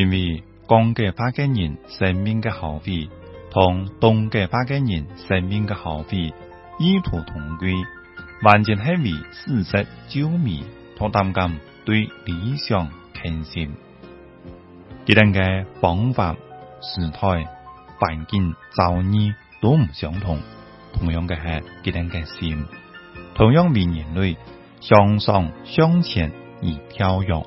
因為講嘅巴金言人生命嘅後悔，同凍嘅巴金言人生命嘅後悔，異途同歸，完全係為事實證迷，同他們對理想傾信，佢哋嘅方法、時態、環境、造詣都唔相同，同樣嘅係佢哋嘅心，同樣為人類向上向前而跳躍。